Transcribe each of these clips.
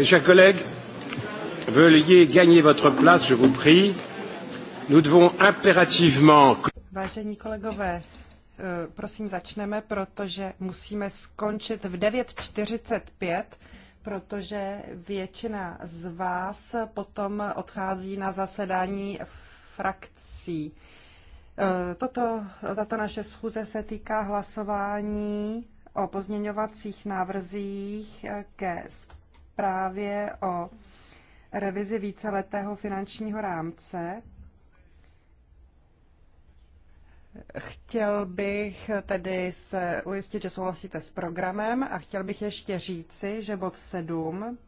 Mes chers collègues, veuillez gagner votre place, je vous prie. Nous devons impérativement... Vážení kolegové, eh, prosím začneme, protože musíme skončit v 9.45, protože většina z vás potom odchází na zasedání frakcí. Eh, toto, tato naše schůze se týká hlasování o pozměňovacích návrzích eh, ke zprávě o revizi víceletého finančního rámce. Chtěl bych tedy se ujistit, že souhlasíte s programem a chtěl bych ještě říci, že bod 7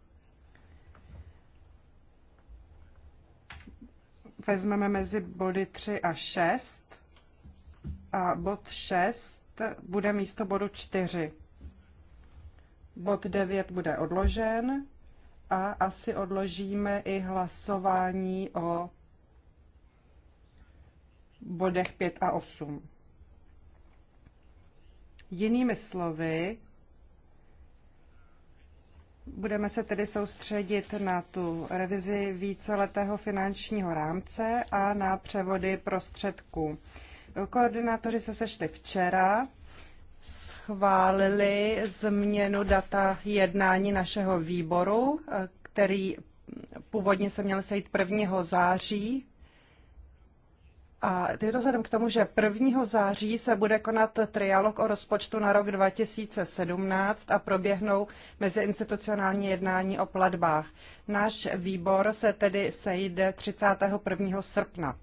vezmeme mezi body 3 a 6 a bod 6 bude místo bodu 4. Bod 9 bude odložen a asi odložíme i hlasování o bodech 5 a 8. Jinými slovy, budeme se tedy soustředit na tu revizi víceletého finančního rámce a na převody prostředků. Koordinátoři se sešli včera schválili změnu data jednání našeho výboru, který původně se měl sejít 1. září. A je to vzhledem k tomu, že 1. září se bude konat trialog o rozpočtu na rok 2017 a proběhnou meziinstitucionální jednání o platbách. Náš výbor se tedy sejde 31. srpna.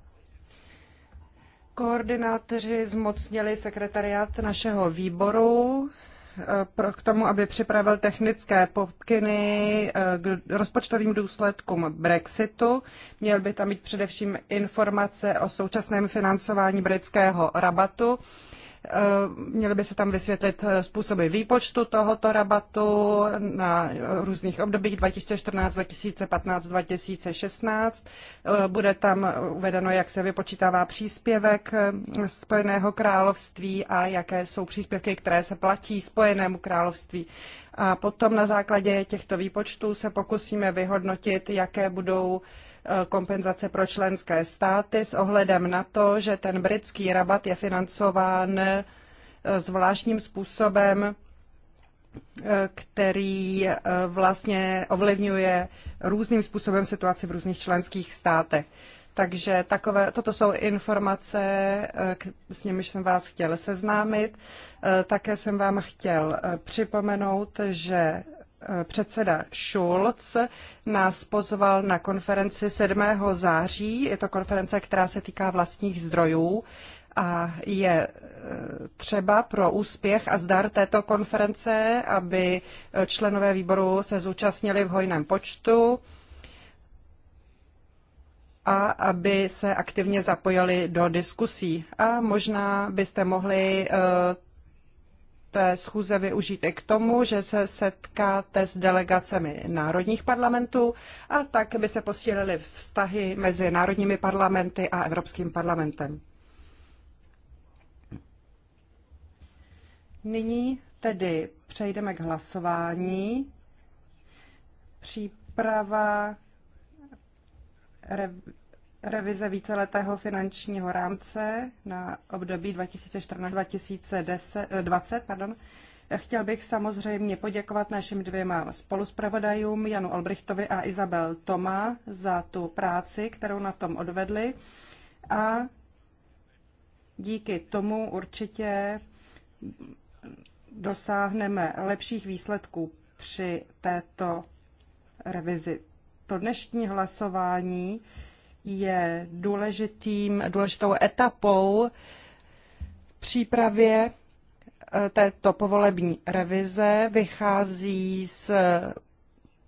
Koordinátoři zmocnili sekretariát našeho výboru eh, k tomu, aby připravil technické pokyny eh, k rozpočtovým důsledkům Brexitu. Měl by tam být především informace o současném financování britského rabatu Eh, měly by se tam vysvětlit eh, způsoby výpočtu tohoto rabatu na různých obdobích 2014, 2015, 2016. Bude tam uvedeno, jak se vypočítává příspěvek eh, Spojeného království a jaké jsou příspěvky, které se platí Spojenému království. A potom na základě těchto výpočtů se pokusíme vyhodnotit, jaké budou uh, kompenzace pro členské státy s ohledem na to, že ten britský rabat je financován eh, zvláštním způsobem, eh, který eh, vlastně ovlivňuje různým způsobem situaci v různých členských státech. Takže takové, toto jsou informace, s nimiž jsem vás chtěl seznámit. Také jsem vám chtěl připomenout, že Eh, předseda Schulz nás pozval na konferenci 7. září. Je to konference, která se týká vlastních zdrojů a je eh, třeba pro úspěch a zdar této konference, aby eh, členové výboru se zúčastnili v hojném počtu a aby se aktivně zapojili do diskusí. A možná byste mohli té schůze využít i k tomu, že se setkáte s delegacemi národních parlamentů a tak by se posílily vztahy mezi národními parlamenty a Evropským parlamentem. Nyní tedy přejdeme k hlasování. Příprava revize víceletého finančního rámce na období 2014-2020. Eh, pardon. Chtěl bych samozřejmě poděkovat našim dvěma spoluspravodajům, Janu Olbrichtovi a Izabel Toma, za tu práci, kterou na tom odvedli. A díky tomu určitě dosáhneme lepších výsledků při této revizi. To dnešní hlasování je důležitým, důležitou etapou v přípravě eh, této povolební revize. Vychází z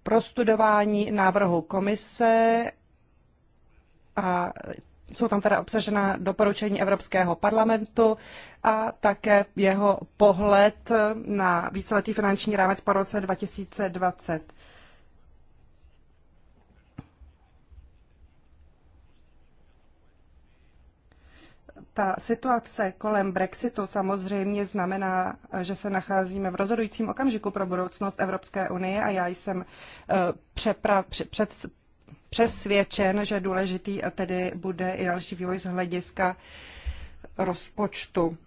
prostudování návrhu komise a jsou tam teda obsažena doporučení Evropského parlamentu a také jeho pohled na víceletý finanční rámec po roce 2020. ta situace kolem Brexitu samozřejmě znamená, že se nacházíme v rozhodujícím okamžiku pro budoucnost Evropské unie a já jsem eh, přepra- před, přesvědčen, že důležitý a tedy bude i další vývoj z hlediska rozpočtu.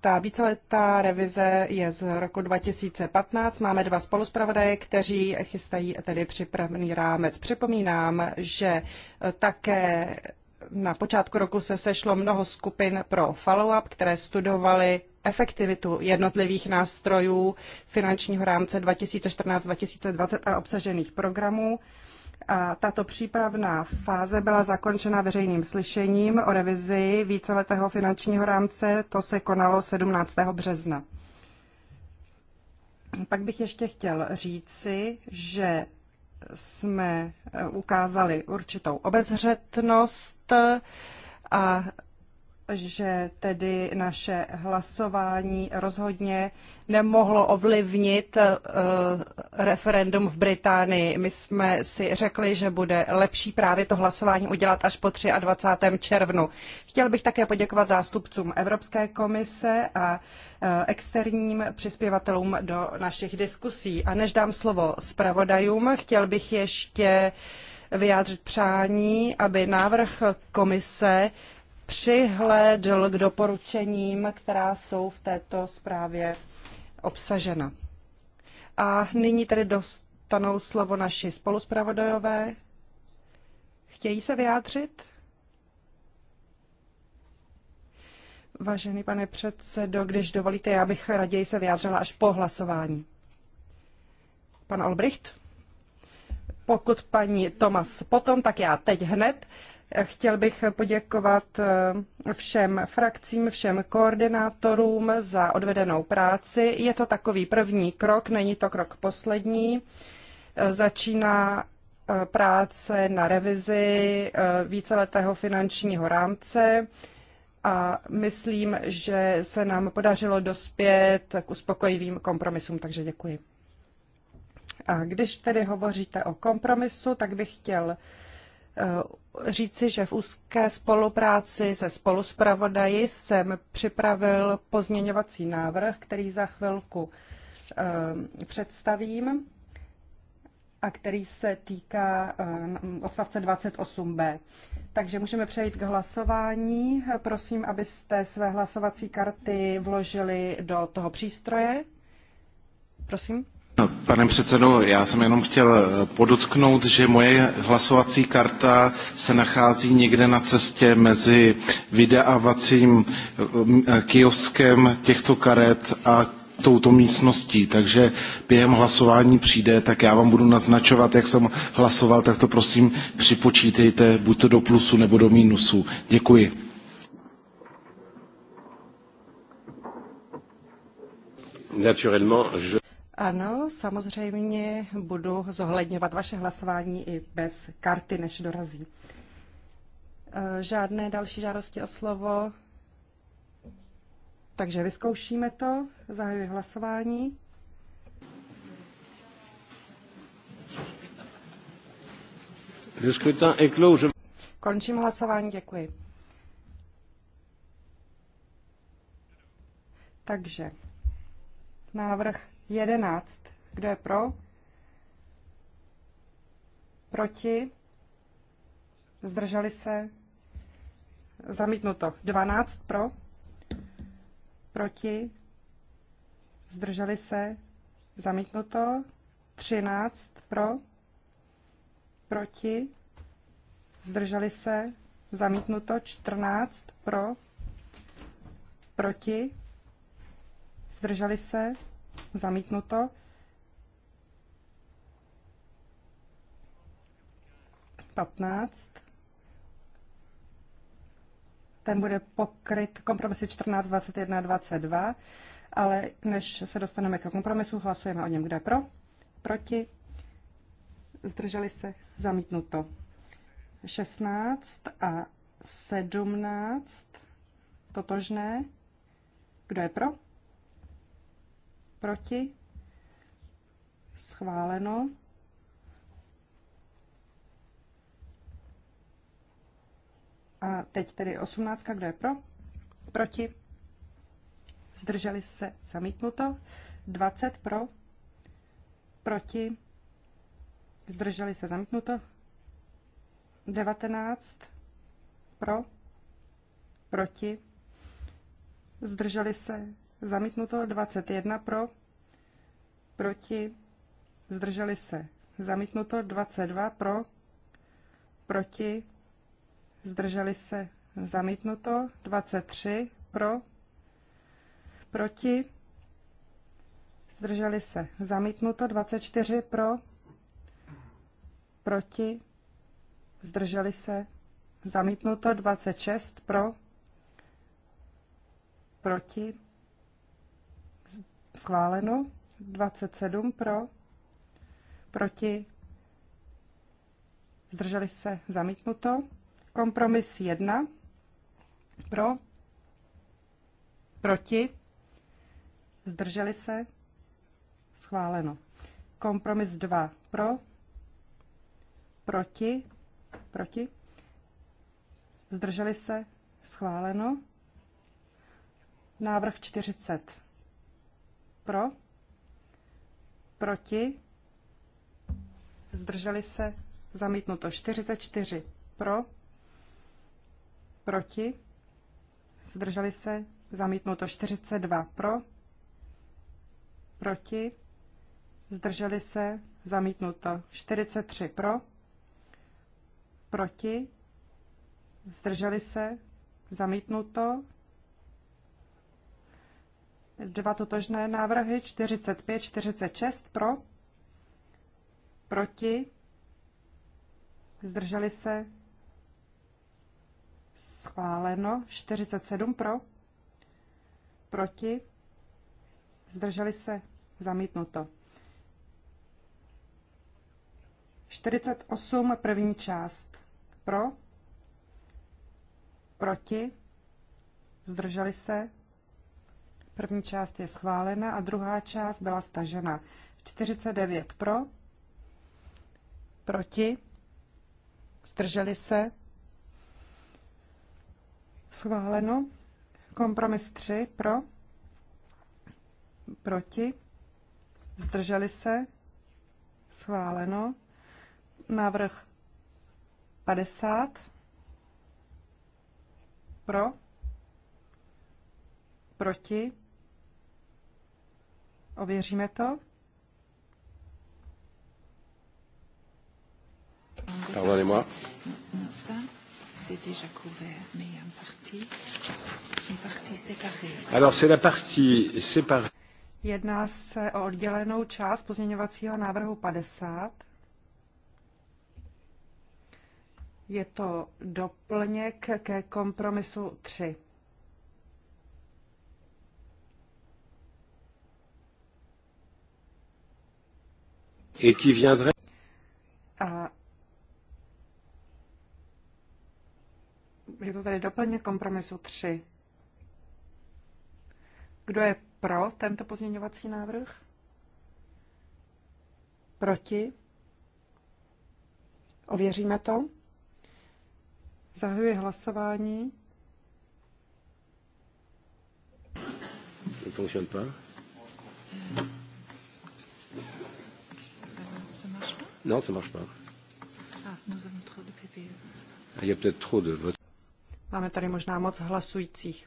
Ta víceletá revize je z roku 2015. Máme dva spoluspravodaje, kteří chystají tedy připravený rámec. Připomínám, že také na počátku roku se sešlo mnoho skupin pro follow-up, které studovaly efektivitu jednotlivých nástrojů finančního rámce 2014-2020 a obsažených programů. A tato přípravná fáze byla zakončena veřejným slyšením o revizi víceletého finančního rámce. To se konalo 17. března. Pak bych ještě chtěl říci, že jsme eh, ukázali určitou obezřetnost a že tedy naše hlasování rozhodně nemohlo ovlivnit uh, referendum v Británii. My jsme si řekli, že bude lepší právě to hlasování udělat až po 23. červnu. Chtěl bych také poděkovat zástupcům Evropské komise a uh, externím přispěvatelům do našich diskusí. A než dám slovo zpravodajům, chtěl bych ještě vyjádřit přání, aby návrh komise přihlédl k doporučením, která jsou v této zprávě obsažena. A nyní tedy dostanou slovo naši spoluspravodajové. Chtějí se vyjádřit? Vážený pane předsedo, když dovolíte, já bych raději se vyjádřila až po hlasování. Pan Olbricht? Pokud paní Tomas potom, tak já teď hned. Chtěl bych poděkovat eh, všem frakcím, všem koordinátorům za odvedenou práci. Je to takový první krok, není to krok poslední. Eh, začíná eh, práce na revizi víceletého finančního rámce a myslím, že se nám podařilo dospět k uspokojivým kompromisům, takže děkuji. A když tedy hovoříte o kompromisu, tak bych chtěl Eh, říci, že v úzké spolupráci se spoluspravodaji jsem připravil pozměňovací návrh, který za chvilku eh, představím a který se týká eh, odstavce 28b. Takže můžeme přejít k hlasování. Prosím, abyste své hlasovací karty vložili do toho přístroje. Prosím. No, pane předsedo, já jsem jenom chtěl eh, podotknout, že moje hlasovací karta se nachází někde na cestě mezi vydávacím eh, eh, kioskem těchto karet a touto místností, takže během hlasování přijde, tak já vám budu naznačovat, jak jsem hlasoval, tak to prosím připočítejte buď to do plusu nebo do mínusu. Děkuji. Naturellement, je... Ano, samozřejmě budu zohledňovat vaše hlasování i bez karty, než dorazí. E, žádné další žádosti o slovo. Takže vyzkoušíme to. Zahajuji hlasování. Končím hlasování, děkuji. Takže návrh 11. Kdo je pro? Proti? Zdrželi se? Zamítnuto. 12 pro? Proti? Zdrželi se? Zamítnuto. 13 pro? Proti? Zdrželi se? Zamítnuto. 14 pro? Proti? Zdrželi se? Zamítnuto. Patnáct. Ten bude pokryt kompromisy 14, 21, 22, ale než se dostaneme ke kompromisu, hlasujeme o něm, kdo je pro, proti, zdrželi se, zamítnuto. 16 a 17, totožné, kdo je pro, Proti? Schváleno. A teď tedy osmnáctka, kdo je pro? Proti? Zdrželi se zamítnuto. 20 pro? Proti? Zdrželi se zamítnuto. 19 pro? Proti? Zdrželi se zamítnuto 21 pro, proti, zdrželi se, zamítnuto 22 pro, proti, zdrželi se, zamítnuto 23 pro, proti, zdrželi se, zamítnuto 24 pro, proti, zdrželi se, zamítnuto 26 pro, proti, Schváleno. 27 pro. Proti. Zdrželi se. Zamítnuto. Kompromis 1 pro. Proti. Zdrželi se. Schváleno. Kompromis 2 pro. Proti. Proti. Zdrželi se. Schváleno. Návrh 40 pro? Proti? Zdrželi se? Zamítnuto. 44. Pro? Proti? Zdrželi se? Zamítnuto. 42. Pro? Proti? Zdrželi se? Zamítnuto. 43. Pro? Proti? Zdrželi se? Zamítnuto. Dva totožné návrhy 45, 46 pro, proti, zdrželi se, schváleno 47 pro, proti, zdrželi se, zamítnuto. 48 první část pro, proti, zdrželi se, První část je schválena a druhá část byla stažena. 49 pro, proti, zdrželi se, schváleno. Kompromis 3 pro, proti, zdrželi se, schváleno. Návrh 50 pro, proti, Ověříme to. Pardonnez-moi. Alors c'est la partie séparée. Jedná se o oddělenou část pozměňovacího návrhu 50. Je to doplněk ke kompromisu 3. Et qui viendrait... A je to tady doplně kompromisu 3. Kdo je pro tento pozměňovací návrh? Proti? Ověříme to. Zahajuji hlasování. Ne fonctionne pas. Ça marche pas Non, ça marche pas. Ah, nous avons trop de PPE. Ah, il y a peut-être trop de votes. Máme tady možná moc hlasujících.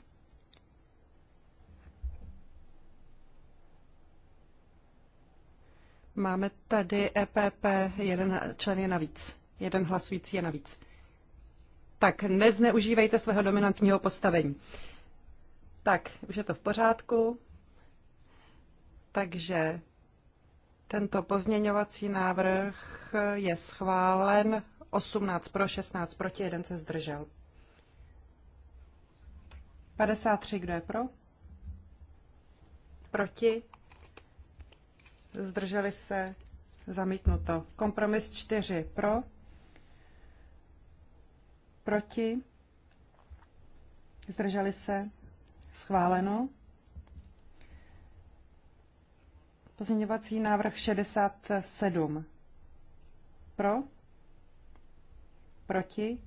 Máme tady EPP, jeden člen je navíc. Jeden hlasující je navíc. Tak nezneužívejte svého dominantního postavení. Tak, už je to v pořádku. Takže tento pozměňovací návrh je schválen 18 pro, 16 proti, jeden se zdržel. 53, kdo je pro? Proti? Zdrželi se? Zamítnuto. Kompromis 4 pro? Proti? Zdrželi se? Schváleno. Pozměňovací návrh 67. Pro? Proti?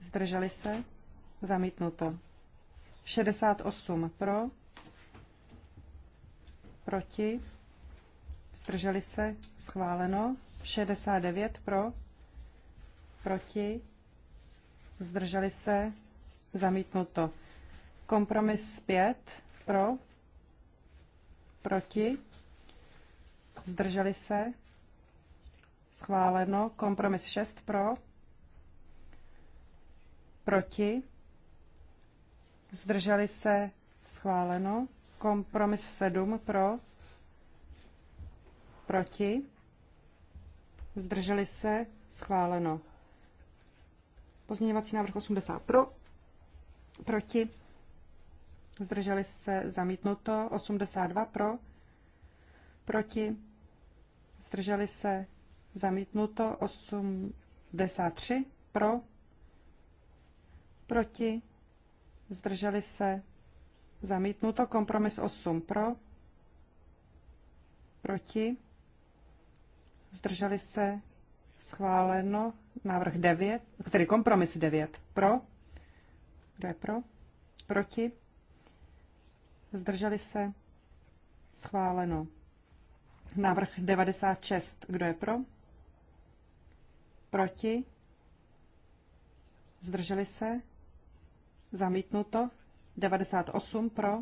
Zdrželi se? Zamítnuto. 68 pro? Proti? Zdrželi se? Schváleno. 69 pro? Proti? Zdrželi se? Zamítnuto. Kompromis 5 pro? Proti? zdrželi se, schváleno, kompromis 6 pro, proti, zdrželi se, schváleno, kompromis 7 pro, proti, zdrželi se, schváleno. Pozměňovací návrh 80 pro, proti, zdrželi se, zamítnuto, 82 pro, proti, zdrželi se, zamítnuto 83 pro, proti, zdrželi se, zamítnuto kompromis 8 pro, proti, zdrželi se, schváleno návrh 9, který kompromis 9 pro, kdo je pro, proti, zdrželi se, schváleno. Návrh 96. Kdo je pro? Proti? Zdrželi se? Zamítnuto. 98 pro?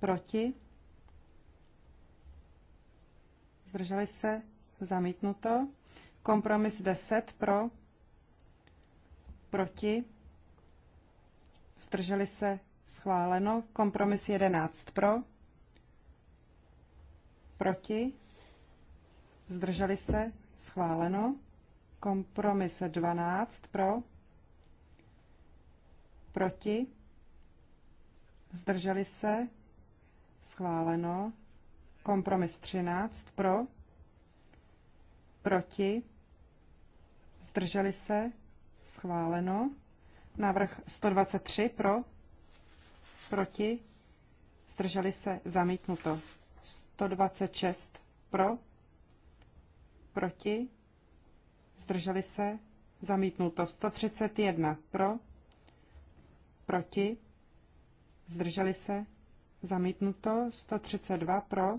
Proti? Zdrželi se? Zamítnuto. Kompromis 10 pro? Proti? Zdrželi se? Schváleno. Kompromis 11 pro? Proti? Zdrželi se? Schváleno. Kompromis 12 pro? Proti? Zdrželi se? Schváleno. Kompromis 13 pro? Proti? Zdrželi se? Schváleno. Návrh 123 pro? Proti? Zdrželi se? Zamítnuto. 126 pro, proti, zdrželi se, zamítnuto 131 pro, proti, zdrželi se, zamítnuto 132 pro,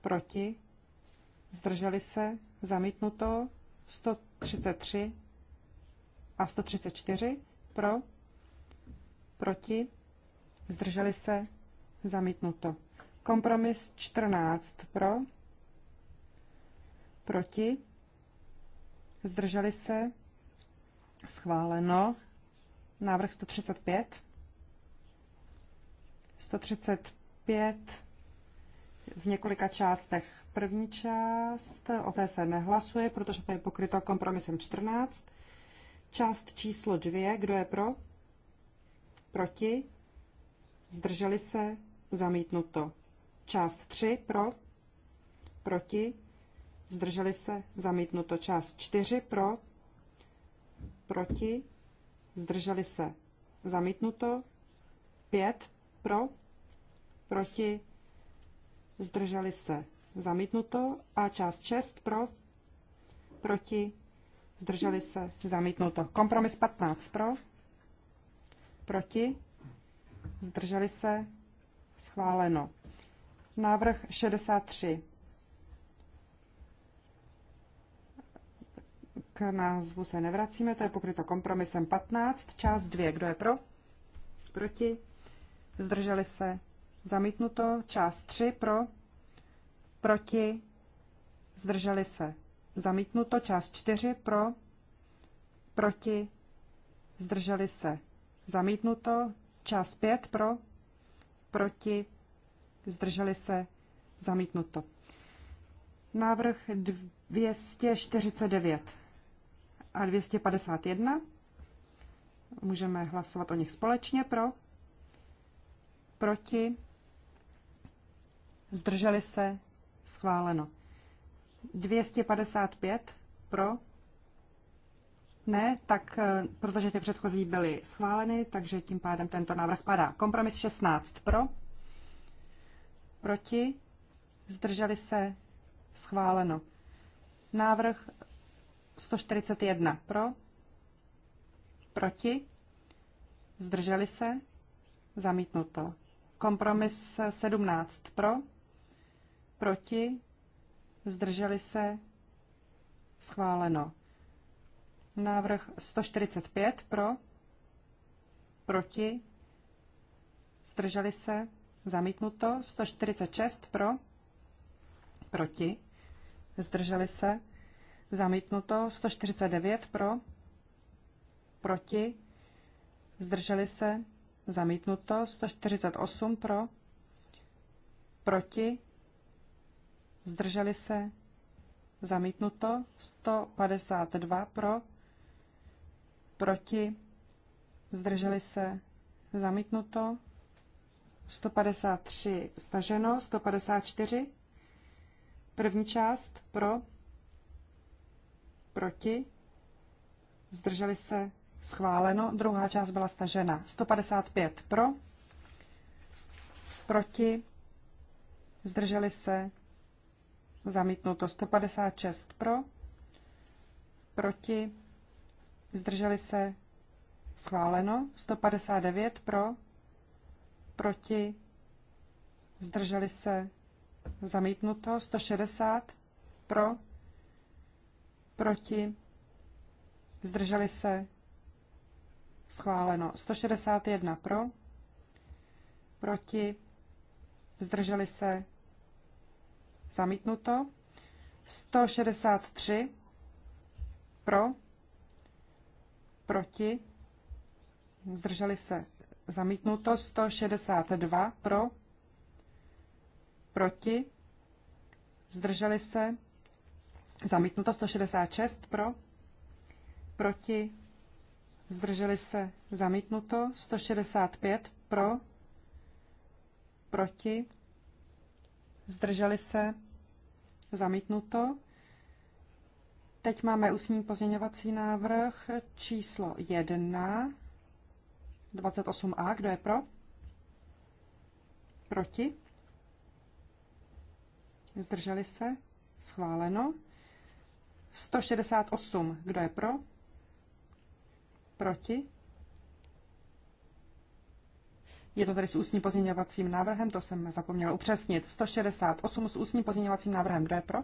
proti, zdrželi se, zamítnuto 133 a 134 pro, proti, zdrželi se, zamítnuto. Kompromis 14 pro, proti, zdrželi se, schváleno. Návrh 135. 135 v několika částech. První část, o té se nehlasuje, protože to je pokryto kompromisem 14. Část číslo 2, kdo je pro? Proti? Zdrželi se? Zamítnuto. Část 3 pro, proti, zdrželi se, zamítnuto. Část 4 pro, proti, zdrželi se, zamítnuto. 5 pro, proti, zdrželi se, zamítnuto. A část 6 pro, proti, zdrželi se, zamítnuto. Kompromis 15 pro, proti, zdrželi se, schváleno. Návrh 63. K názvu se nevracíme, to je pokryto kompromisem 15, část 2. Kdo je pro? Proti? Zdrželi se? Zamítnuto. Část 3 pro? Proti? Zdrželi se? Zamítnuto. Část 4 pro? Proti? Zdrželi se? Zamítnuto. Část 5 pro? Proti? zdrželi se, zamítnuto. Návrh 249 a 251. Můžeme hlasovat o nich společně pro, proti, zdrželi se, schváleno. 255 pro, ne, tak eh, protože ty předchozí byly schváleny, takže tím pádem tento návrh padá. Kompromis 16 pro, Proti? Zdrželi se? Schváleno. Návrh 141 pro? Proti? Zdrželi se? Zamítnuto. Kompromis 17 pro? Proti? Zdrželi se? Schváleno. Návrh 145 pro? Proti? Zdrželi se? zamítnuto, 146 pro, proti, zdrželi se, zamítnuto, 149 pro, proti, zdrželi se, zamítnuto, 148 pro, proti, zdrželi se, zamítnuto, 152 pro, proti, zdrželi se, zamítnuto, 153 staženo, 154. První část pro, proti, zdrželi se, schváleno. Druhá část byla stažena. 155 pro, proti, zdrželi se, zamítnuto. 156 pro, proti, zdrželi se, schváleno. 159 pro, proti, zdrželi se, zamítnuto, 160 pro, proti, zdrželi se, schváleno, 161 pro, proti, zdrželi se, zamítnuto, 163 pro, proti, zdrželi se, Zamítnuto 162 pro, proti, zdrželi se. Zamítnuto 166 pro, proti, zdrželi se. Zamítnuto 165 pro, proti, zdrželi se. Zamítnuto. Teď máme ústní pozměňovací návrh číslo 1 28a. Kdo je pro? Proti? Zdrželi se? Schváleno. 168. Kdo je pro? Proti? Je to tady s ústním pozměňovacím návrhem, to jsem zapomněla upřesnit. 168 s ústním pozměňovacím návrhem. Kdo je pro?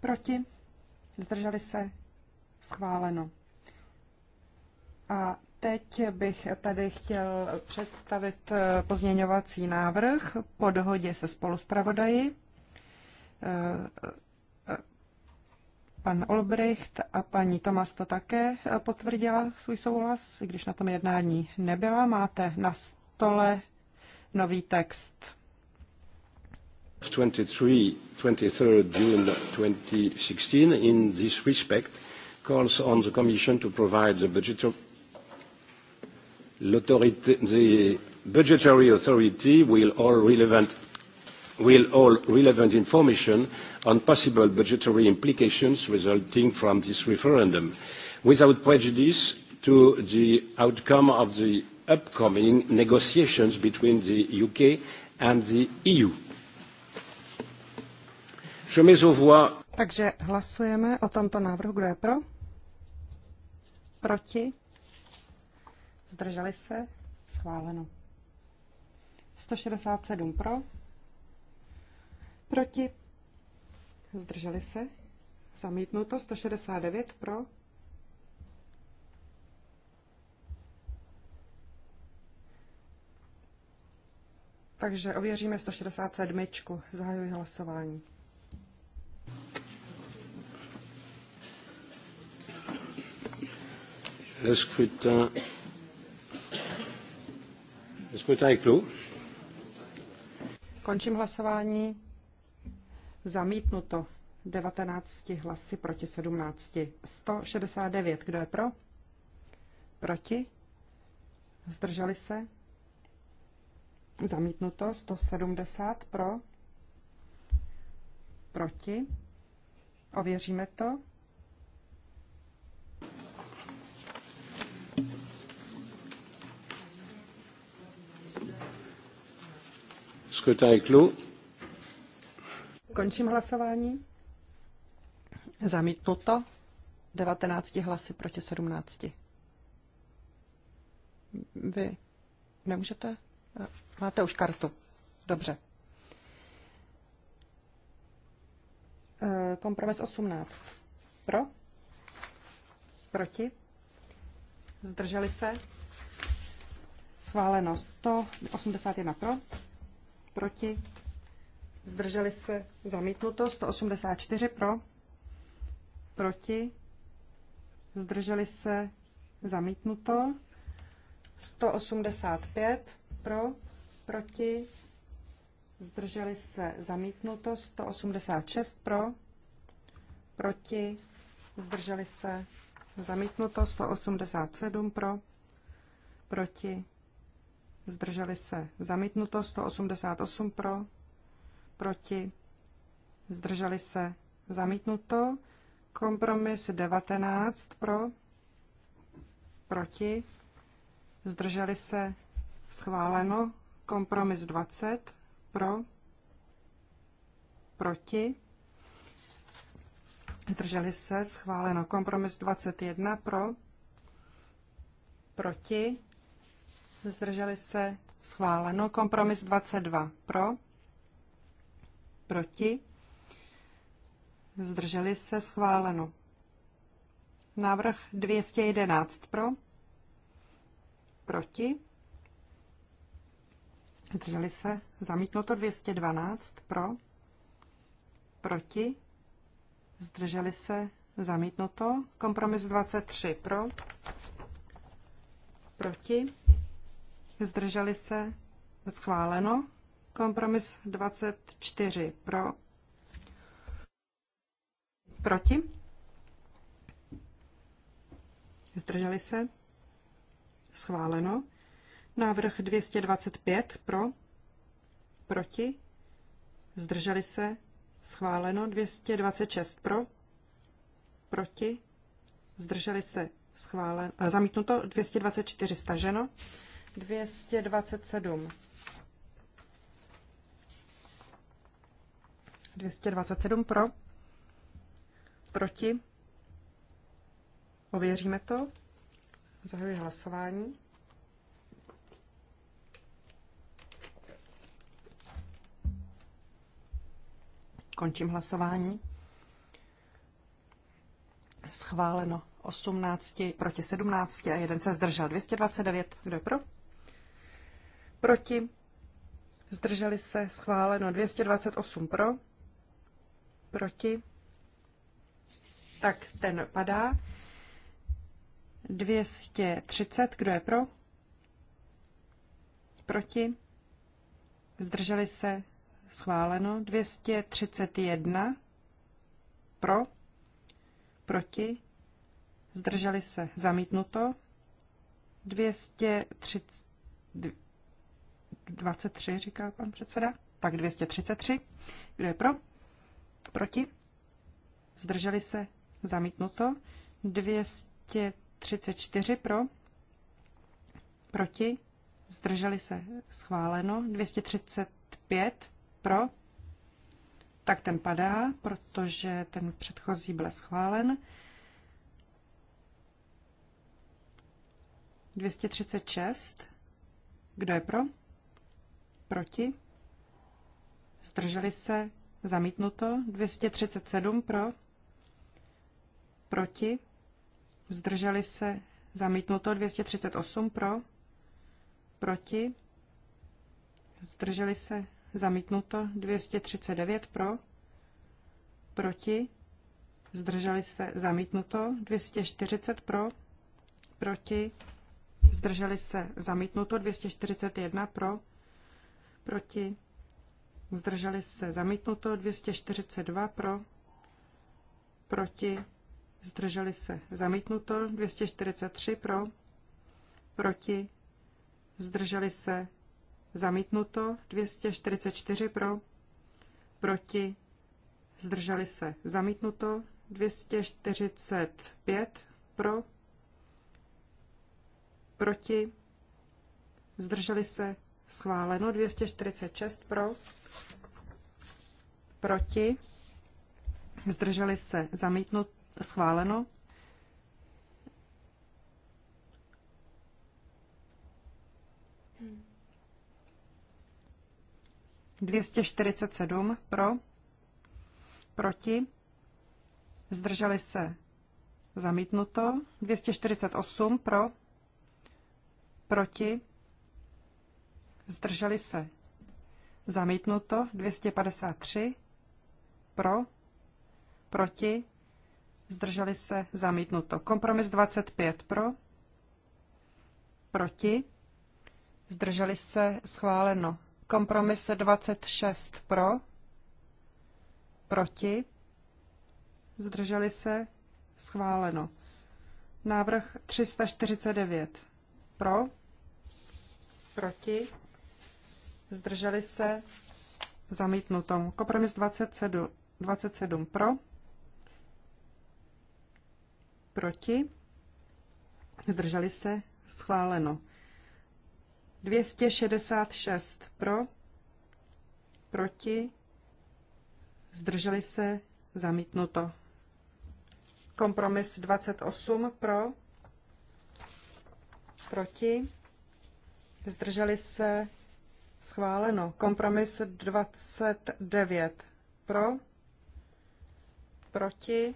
Proti? Zdrželi se? Schváleno. A Teď bych tady chtěl představit eh, pozměňovací návrh po dohodě se spoluspravodaji. Eh, eh, pan Olbricht a paní Tomas to také potvrdila svůj souhlas, i když na tom jednání nebyla. Máte na stole nový text. 23, 23 June 2016 in this respect calls on the Commission to provide the budgetary the budgetary authority will all relevant will all relevant information on possible budgetary implications resulting from this referendum, without prejudice to the outcome of the upcoming negotiations between the U.K. and the EU. Je mets aux voix. Takže hlasujeme o tomto návrhu. Kdo je pro? Proti? zdrželi se, schváleno. 167 pro, proti, zdrželi se, zamítnuto, 169 pro, Takže ověříme 167. Zahajuji hlasování. Le scrutin Le scrutin est clos. Končím hlasování. Zamítnuto. 19 hlasy proti 17. 169. Kdo je pro? Proti? Zdrželi se? Zamítnuto. 170 pro? Proti? Ověříme to. Scrutin est clos. Končím hlasování. Zamítnuto. 19 hlasy proti 17. Vy nemůžete? Eh, máte už kartu. Dobře. Eh, kompromis 18. Pro? Proti? Zdrželi se? Schváleno 181 pro, proti, zdrželi se, zamítnuto, 184 pro, proti, zdrželi se, zamítnuto, 185 pro, proti, zdrželi se, zamítnuto, 186 pro, proti, zdrželi se, zamítnuto, 187 pro, proti, zdrželi se zamítnuto, 188 pro, proti, zdrželi se zamítnuto, kompromis 19 pro, proti, zdrželi se schváleno, kompromis 20 pro, proti, zdrželi se schváleno, kompromis 21 pro, proti, zdrželi se, schváleno. Kompromis 22 pro, proti, zdrželi se, schváleno. Návrh 211 pro, proti, zdrželi se, zamítnuto 212 pro, proti, zdrželi se, zamítnuto. Kompromis 23 pro, proti, zdrželi se, schváleno. Kompromis 24 pro, proti, zdrželi se, schváleno. Návrh 225 pro, proti, zdrželi se, schváleno. 226 pro, proti, zdrželi se, schválen, eh, zamítnuto, 224 staženo, 227. 227 pro, proti, ověříme to, zahajuji hlasování. Končím hlasování. Schváleno 18 proti 17 a jeden se zdržel. 229, kdo je pro? proti, zdrželi se, schváleno 228 pro, proti, tak ten padá. 230, kdo je pro? Proti? Zdrželi se? Schváleno. 231 pro? Proti? Zdrželi se? Zamítnuto. 230, 23, říká pan předseda. Tak 233. Kdo je pro? Proti? Zdrželi se? Zamítnuto. 234 pro? Proti? Zdrželi se? Schváleno. 235 pro? Tak ten padá, protože ten předchozí byl schválen. 236. Kdo je pro? proti, zdrželi se, zamítnuto, 237 pro, proti, zdrželi se, zamítnuto, 238 pro, proti, zdrželi se, zamítnuto, 239 pro, proti, zdrželi se, zamítnuto, 240 pro, proti, zdrželi se, zamítnuto, 241 pro, proti, zdrželi se zamítnuto, 242 pro, proti, zdrželi se zamítnuto, 243 pro, proti, zdrželi se zamítnuto, 244 pro, proti, zdrželi se zamítnuto, 245 pro, proti, zdrželi se schváleno, 246 pro, proti, zdrželi se zamítnut, schváleno, Dvěstě čtyřicet sedm pro, proti, zdrželi se zamítnuto, 248 pro, proti, zdrželi se. Zamítnuto 253, pro, proti, zdrželi se, zamítnuto. Kompromis 25 pro, proti, zdrželi se, schváleno. Kompromis 26 pro, proti, zdrželi se, schváleno. Návrh 349 pro, proti, zdrželi se, zamítnuto. Kompromis 27, 27 pro, proti, zdrželi se, schváleno. 266 pro, proti, zdrželi se, zamítnuto. Kompromis 28 pro, proti, zdrželi se, Schváleno. Kompromis 29. Pro? Proti?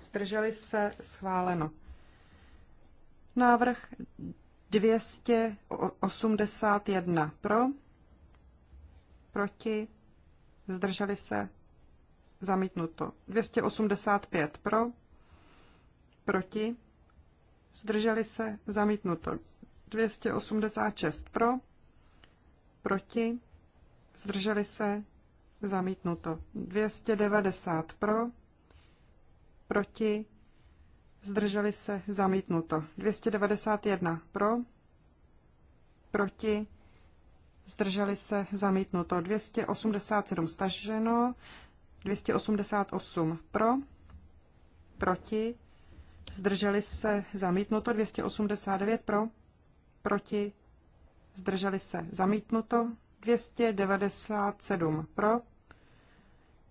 Zdrželi se? Schváleno. Návrh 281. Pro? Proti? Zdrželi se? Zamítnuto. 285. Pro? Proti? Zdrželi se? Zamítnuto. 286. Pro? proti, zdrželi se, zamítnuto. 290 pro, proti, zdrželi se, zamítnuto. 291 pro, proti, zdrželi se, zamítnuto. 287 staženo, 288 pro, proti, zdrželi se, zamítnuto. 289 pro, proti, zdrželi se zamítnuto, 297 pro,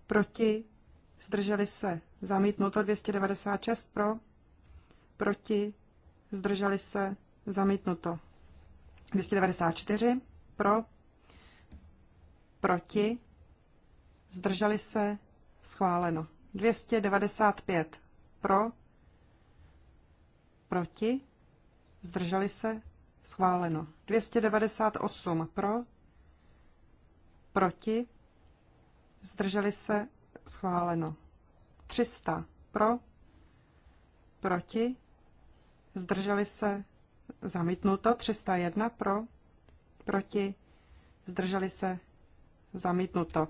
proti, zdrželi se zamítnuto, 296 pro, proti, zdrželi se zamítnuto, 294 pro, proti, zdrželi se schváleno, 295 pro, proti, zdrželi se Schváleno. 298 pro, proti, zdrželi se, schváleno. 300 pro, proti, zdrželi se, zamítnuto. 301 pro, proti, zdrželi se, zamítnuto.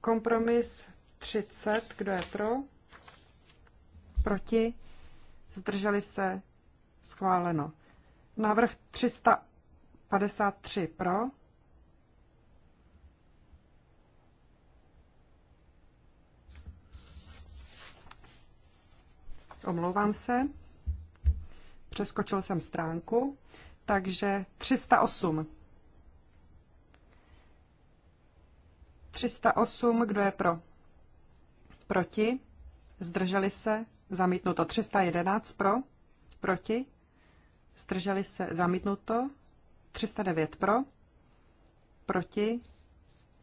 Kompromis 30, kdo je pro, proti, zdrželi se, schváleno. Návrh 353 pro. Omlouvám se. Přeskočil jsem stránku. Takže 308. 308, kdo je pro? Proti? Zdrželi se? Zamítnuto. 311 pro? Proti? Zdrželi se zamítnuto. 309 pro. Proti.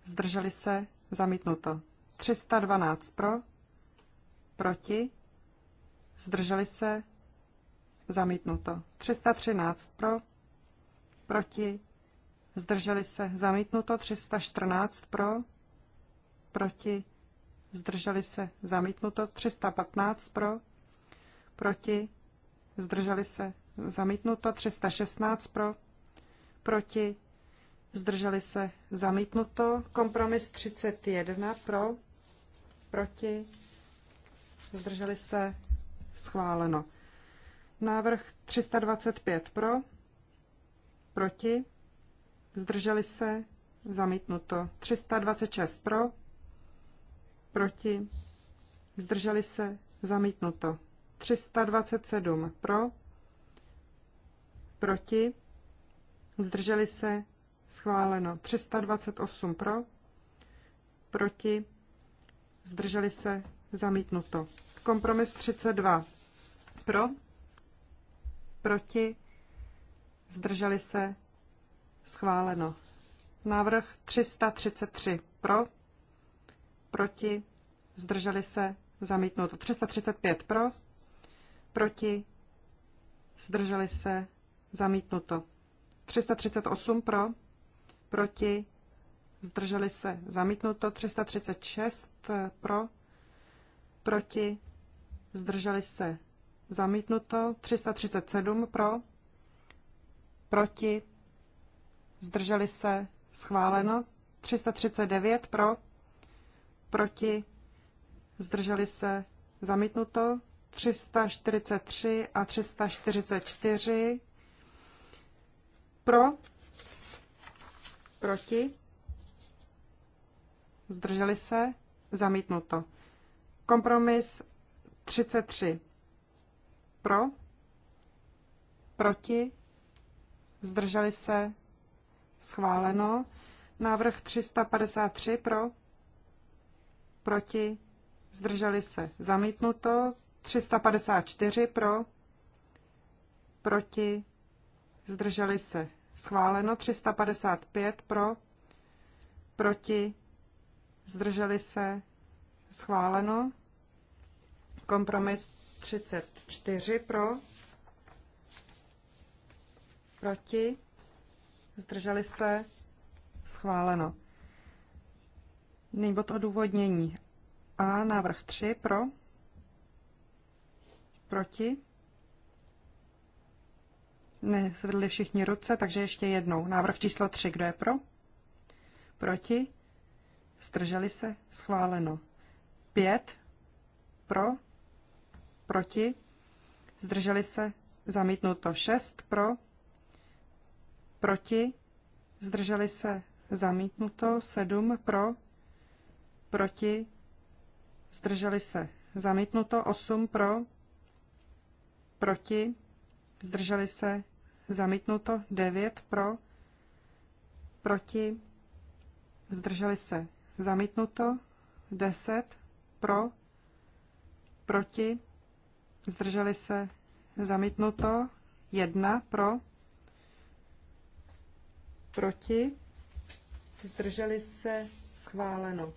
Zdrželi se zamítnuto. 312 pro. Proti. Zdrželi se zamítnuto. 313 pro. Proti. Zdrželi se zamítnuto. 314 pro. Proti. Zdrželi se zamítnuto. 315 pro. Proti. Zdrželi se zamítnuto, 316 pro, proti, zdrželi se, zamítnuto, kompromis 31 pro, proti, zdrželi se, schváleno. Návrh 325 pro, proti, zdrželi se, zamítnuto. 326 pro, proti, zdrželi se, zamítnuto. 327 pro, proti, zdrželi se, schváleno 328 pro, proti, zdrželi se, zamítnuto. Kompromis 32 pro, proti, zdrželi se, schváleno. Návrh 333 pro, proti, zdrželi se, zamítnuto. 335 pro, proti, zdrželi se, Zamítnuto. 338 pro, proti, zdrželi se. Zamítnuto. 336 pro, proti, zdrželi se. Zamítnuto. 337 pro, proti, zdrželi se. Schváleno. 339 pro, proti, zdrželi se. Zamítnuto. 343 a 344 pro? Proti? Zdrželi se? Zamítnuto. Kompromis 33. Pro? Proti? Zdrželi se? Schváleno. Návrh 353 pro? Proti? Zdrželi se? Zamítnuto. 354 pro? Proti? Zdrželi se? Schváleno 355 pro, proti, zdrželi se, schváleno. Kompromis 34 pro, proti, zdrželi se, schváleno. Nyní bod odůvodnění. A návrh 3 pro, proti, Nezvedli všichni ruce, takže ještě jednou. Návrh číslo 3, kdo je pro? Proti? Zdrželi se? Schváleno. 5. Pro? Proti? Zdrželi se? Zamítnuto. 6. Pro? Proti? Zdrželi se? Zamítnuto. 7. Pro? Proti? Zdrželi se? Zamítnuto. 8. Pro? Proti? zdrželi se, zamítnuto 9 pro, proti, zdrželi se, zamítnuto 10 pro, proti, zdrželi se, zamítnuto 1 pro, proti, zdrželi se, schváleno.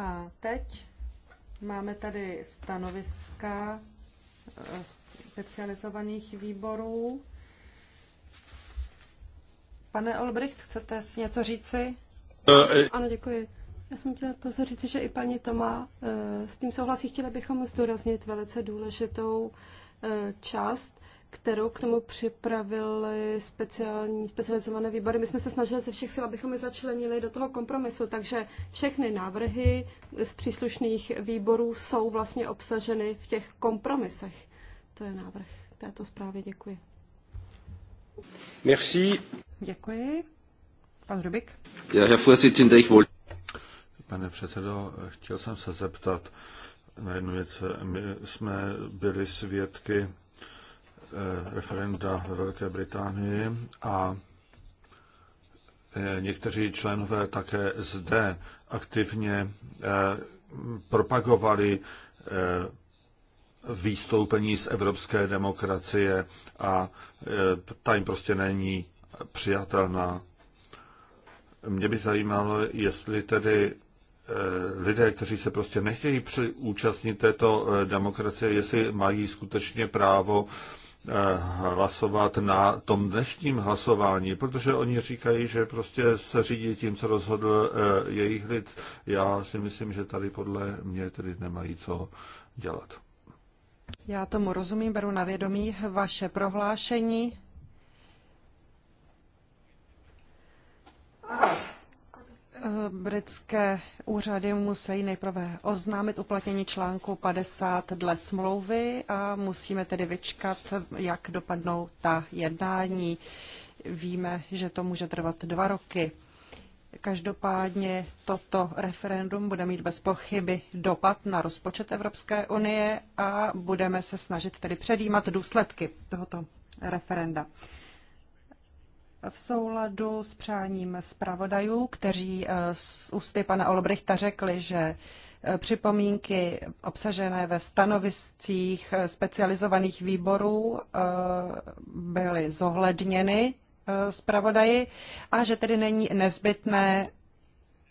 A teď Máme tady stanoviska eh, specializovaných výborů. Pane Olbricht, chcete si něco říci? Eh, eh, ano, děkuji. Já jsem chtěla to říci, že i paní Toma s tím souhlasí. Chtěli bychom zdůraznit velice důležitou část, kterou k tomu připravili speciální, specializované výbory. My jsme se snažili ze všech sil, abychom je začlenili do toho kompromisu, takže všechny návrhy z příslušných výborů jsou vlastně obsaženy v těch kompromisech. To je návrh této zprávy. Děkuji. Merci. Děkuji. Pan Rubik. Ja, Herr Vorsitzender, ich wollte... Pane předsedo, chtěl jsem se zeptat na jednu věc. My jsme byli svědky Eh, referenda ve Velké Británii a eh, někteří členové také zde aktivně eh, propagovali výstoupení z evropské demokracie a ta jim prostě není přijatelná. Mě by zajímalo, jestli tedy lidé, kteří se prostě nechtějí účastnit této demokracie, jestli mají skutečně právo Eh, hlasovat na tom dnešním hlasování, protože oni říkají, že prostě se řídí tím, co rozhodl eh, jejich lid. Já si myslím, že tady podle mě tedy nemají co dělat. Já tomu rozumím, beru na vědomí vaše prohlášení. Ach. Eh, britské úřady musí nejprve oznámit uplatnění článku 50 dle smlouvy a musíme tedy vyčkat, jak dopadnou ta jednání. Víme, že to může trvat dva roky. Každopádně toto referendum bude mít bez pochyby dopad na rozpočet Evropské unie a budeme se snažit tedy předjímat důsledky tohoto referenda v souladu s přáním zpravodajů, kteří z eh, ústy pana Olbrichta řekli, že eh, připomínky obsažené ve stanoviscích eh, specializovaných výborů byly zohledněny zpravodaji a že tedy není nezbytné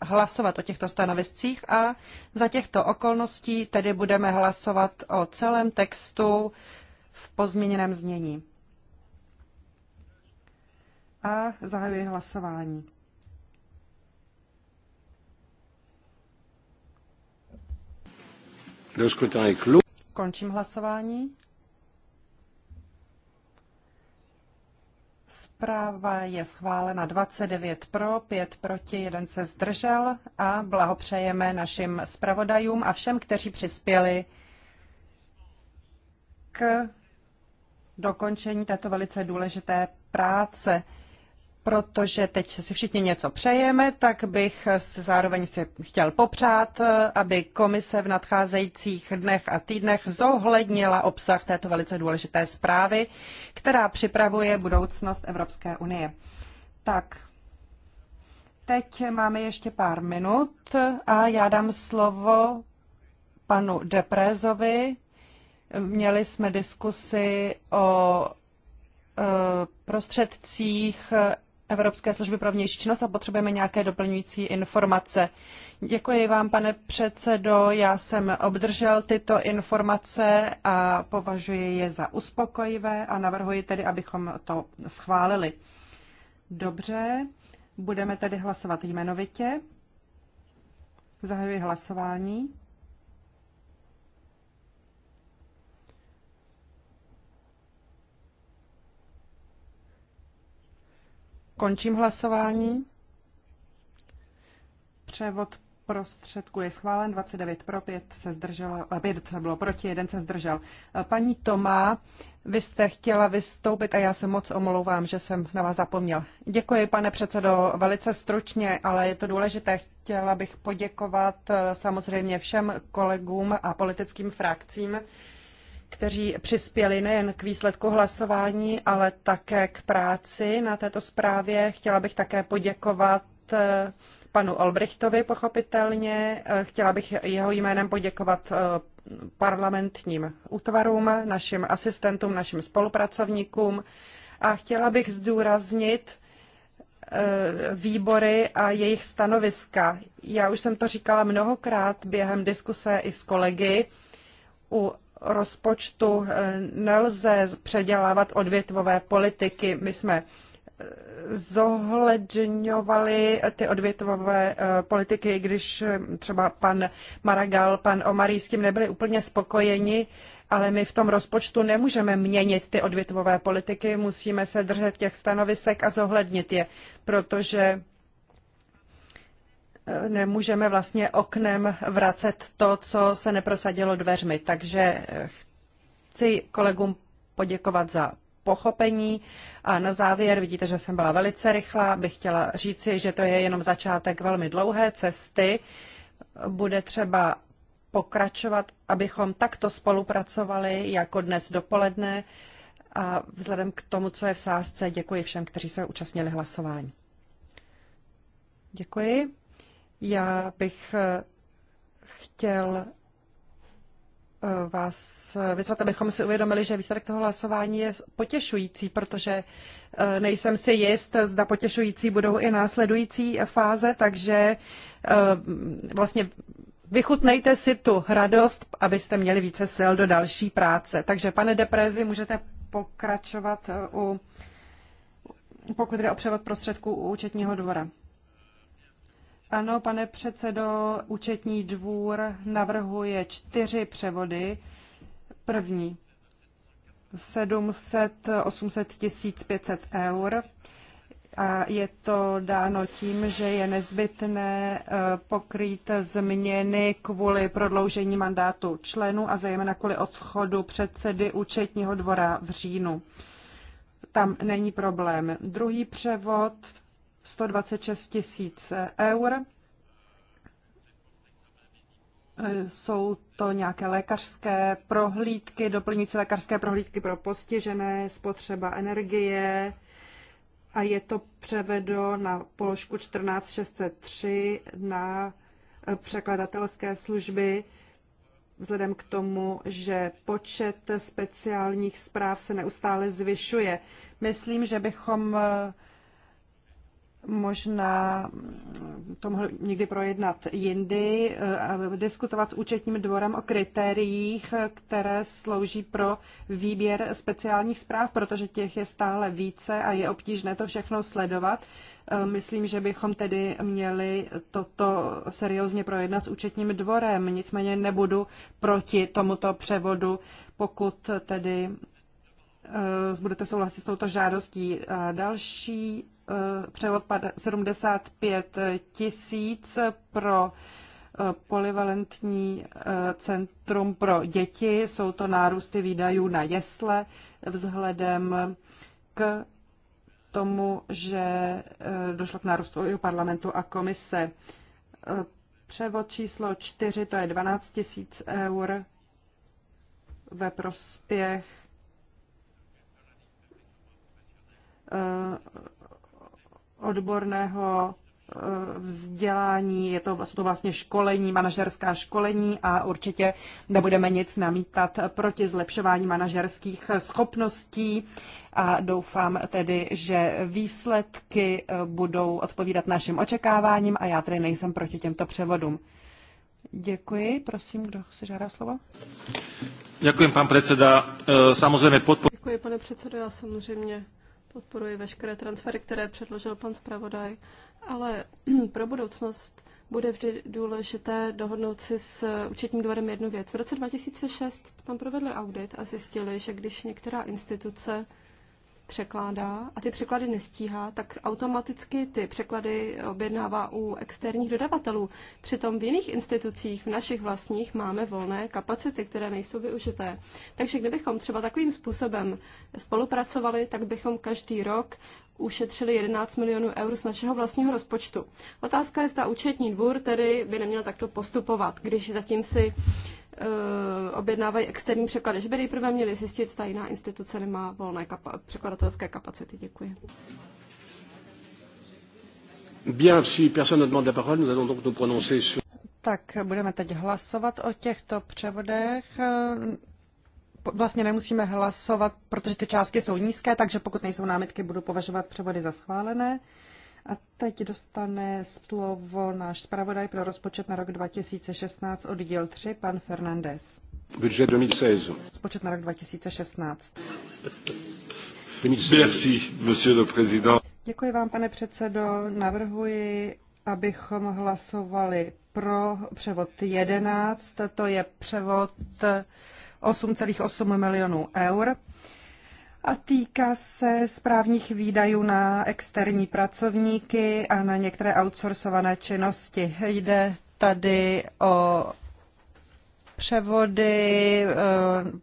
hlasovat o těchto stanoviscích a za těchto okolností tedy budeme hlasovat o celém textu v pozměněném znění a zahajuji hlasování. Končím hlasování. Zpráva je schválena 29 pro, 5 proti, 1 se zdržel a blahopřejeme našim zpravodajům a všem, kteří přispěli k dokončení této velice důležité práce protože teď si všichni něco přejeme, tak bych zároveň si chtěl popřát, eh, aby komise v nadcházejících dnech a týdnech zohlednila obsah této velice důležité zprávy, která připravuje budoucnost Evropské unie. Tak, teď máme ještě pár minut a já dám slovo panu Deprézovi. Měli jsme diskusi o eh, prostředcích Evropské služby pro vnější činnost a potřebujeme nějaké doplňující informace. Děkuji vám, pane předsedo. Já jsem obdržel tyto informace a považuji je za uspokojivé a navrhuji tedy, abychom to schválili. Dobře, budeme tedy hlasovat jmenovitě. Zahajuji hlasování. Končím hlasování. Převod prostředku je schválen, 29 pro, 5 se zdrželo, 5 eh, bylo proti, 1 se zdržel. Eh, paní Tomá, vy jste chtěla vystoupit a já se moc omlouvám, že jsem na vás zapomněl. Děkuji, pane předsedo, velice stručně, ale je to důležité. Chtěla bych poděkovat eh, samozřejmě všem kolegům a politickým frakcím, kteří přispěli nejen k výsledku hlasování, ale také k práci na této zprávě. Chtěla bych také poděkovat eh, panu Olbrichtovi pochopitelně. Eh, chtěla bych jeho jménem poděkovat eh, parlamentním útvarům, našim asistentům, našim spolupracovníkům a chtěla bych zdůraznit výbory a jejich stanoviska. Já už jsem to říkala mnohokrát během diskuse i s kolegy. U rozpočtu eh, nelze předělávat odvětvové politiky. My jsme eh, zohledňovali ty odvětvové eh, politiky, i když třeba pan Maragal, pan Omarý s tím nebyli úplně spokojeni, ale my v tom rozpočtu nemůžeme měnit ty odvětvové politiky, musíme se držet těch stanovisek a zohlednit je, protože nemůžeme vlastně oknem vracet to, co se neprosadilo dveřmi. Takže eh, chci kolegům poděkovat za pochopení. A na závěr, vidíte, že jsem byla velice rychlá, bych chtěla říci, že to je jenom začátek velmi dlouhé cesty. Bude třeba pokračovat, abychom takto spolupracovali jako dnes dopoledne. A vzhledem k tomu, co je v sázce, děkuji všem, kteří se účastnili hlasování. Děkuji. Já bych eh, chtěl eh, vás vyzvat, abychom si uvědomili, že výsledek toho hlasování je potěšující, protože eh, nejsem si jist, zda potěšující budou i následující fáze, takže vlastně vychutnejte si tu radost, abyste měli více sil do další práce. Takže pane Deprezi, můžete pokračovat u, pokud jde o převod prostředků u účetního dvora. Ano, pane předsedo, účetní dvůr navrhuje čtyři převody. První 700, 800 tisíc 500 eur. A je to dáno tím, že je nezbytné eh, pokrýt změny kvůli prodloužení mandátu členů a zejména kvůli odchodu předsedy účetního dvora v říjnu. Tam není problém. Druhý převod 126 tisíc eur. Jsou to nějaké lékařské prohlídky, doplňující lékařské prohlídky pro postižené, spotřeba energie a je to převedo na položku 14603 na překladatelské služby vzhledem k tomu, že počet speciálních zpráv se neustále zvyšuje. Myslím, že bychom možná to mohl někdy projednat jindy, eh, diskutovat s účetním dvorem o kritériích, které slouží pro výběr speciálních zpráv, protože těch je stále více a je obtížné to všechno sledovat. Eh, myslím, že bychom tedy měli toto seriózně projednat s účetním dvorem. Nicméně nebudu proti tomuto převodu, pokud tedy eh, budete souhlasit s touto žádostí. A další Eh, převod 75 tisíc pro eh, polivalentní eh, centrum pro děti. Jsou to nárůsty výdajů na jesle vzhledem k tomu, že došlo k nárůstu i parlamentu a komise. Převod číslo 4, to je 12 tisíc eur ve prospěch odborného eh, vzdělání, je to, jsou to vlastně školení, manažerská školení a určitě nebudeme nic namítat proti zlepšování manažerských schopností a doufám tedy, že výsledky eh, budou odpovídat našim očekáváním a já tedy nejsem proti těmto převodům. Děkuji. Prosím, kdo se žádá slovo? Děkuji, pan předseda. Eh, samozřejmě podpor... Děkuji, pane předsedo. Já samozřejmě podporuji veškeré transfery, které předložil pan zpravodaj, ale pro budoucnost bude vždy důležité dohodnout si s účetním dvorem jednu věc. V roce 2006 tam provedli audit a zjistili, že když některá instituce překládá a ty překlady nestíhá, tak automaticky ty překlady objednává u externích dodavatelů. Přitom v jiných institucích, v našich vlastních, máme volné kapacity, které nejsou využité. Takže kdybychom třeba takovým způsobem spolupracovali, tak bychom každý rok ušetřili 11 milionů eur z našeho vlastního rozpočtu. Otázka je, zda účetní dvůr tedy by neměl takto postupovat, když zatím si Eh, objednávají externí překlady, že by nejprve měli zjistit, zda jiná instituce nemá volné kapa- překladatelské kapacity. Děkuji. Bien, si personne ne demande la parole, nous allons donc nous prononcer sur... Tak budeme teď hlasovat o těchto převodech. Vlastně nemusíme hlasovat, protože ty částky jsou nízké, takže pokud nejsou námitky, budu považovat převody za schválené. A teď dostane slovo náš zpravodaj pro rozpočet na rok 2016 oddíl 3, pan Fernandez. Budget 2016. Rozpočet na rok 2016. Merci, le président. Děkuji vám, pane předsedo. Navrhuji, abychom hlasovali pro převod 11, to je převod 8,8 milionů eur a týká se správních výdajů na externí pracovníky a na některé outsourcované činnosti. Jde tady o převody eh,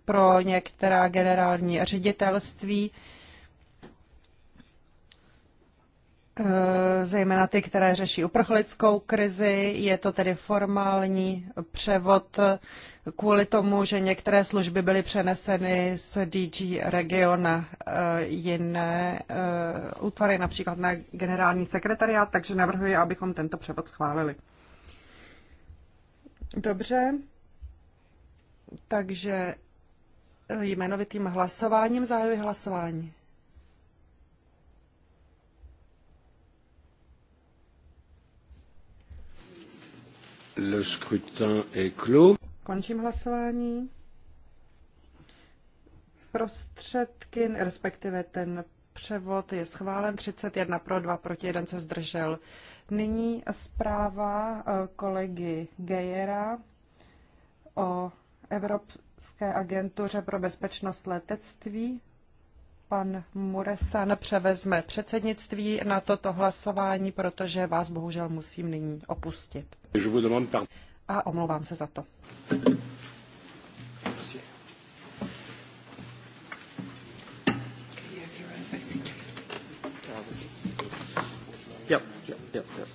pro některá generální ředitelství, Eh, zejména ty, které řeší uprchlickou krizi. Je to tedy formální převod kvůli tomu, že některé služby byly přeneseny z DG region na eh, jiné eh, útvary, například na generální sekretariát, takže navrhuji, abychom tento převod schválili. Dobře, takže jmenovitým hlasováním zahajuji hlasování. Le scrutin est clos. Končím hlasování. Prostředky, respektive ten převod je schválen 31 pro 2 proti 1 se zdržel. Nyní zpráva eh, kolegy Gejera o Evropské agentuře pro bezpečnost letectví pan Muresan převezme předsednictví na toto hlasování, protože vás bohužel musím nyní opustit. A omlouvám se za to. Yep, yep, yep, yep.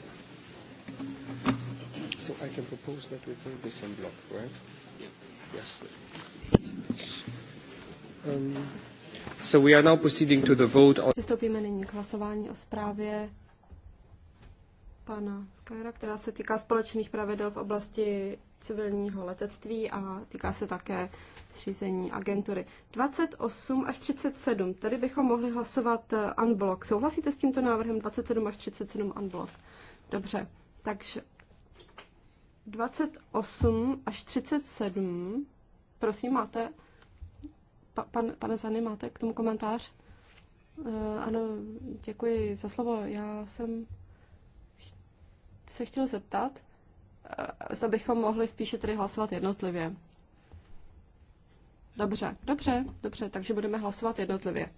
Um, So we are now proceeding to the vote on... Přistoupíme nyní k hlasování o zprávě pana Skyra, která se týká společných pravidel v oblasti civilního letectví a týká se také zřízení agentury. 28 až 37, tady bychom mohli hlasovat unblock. Eh, Souhlasíte s tímto návrhem 27 až 37 unblock? Dobře, takže 28 až 37, prosím, máte Pa, pan, pane Zany, máte k tomu komentář? Eh, ano, děkuji za slovo. Já jsem se chtěl zeptat, eh, zda bychom mohli spíše tedy hlasovat jednotlivě. Dobře, dobře, dobře, takže budeme hlasovat jednotlivě.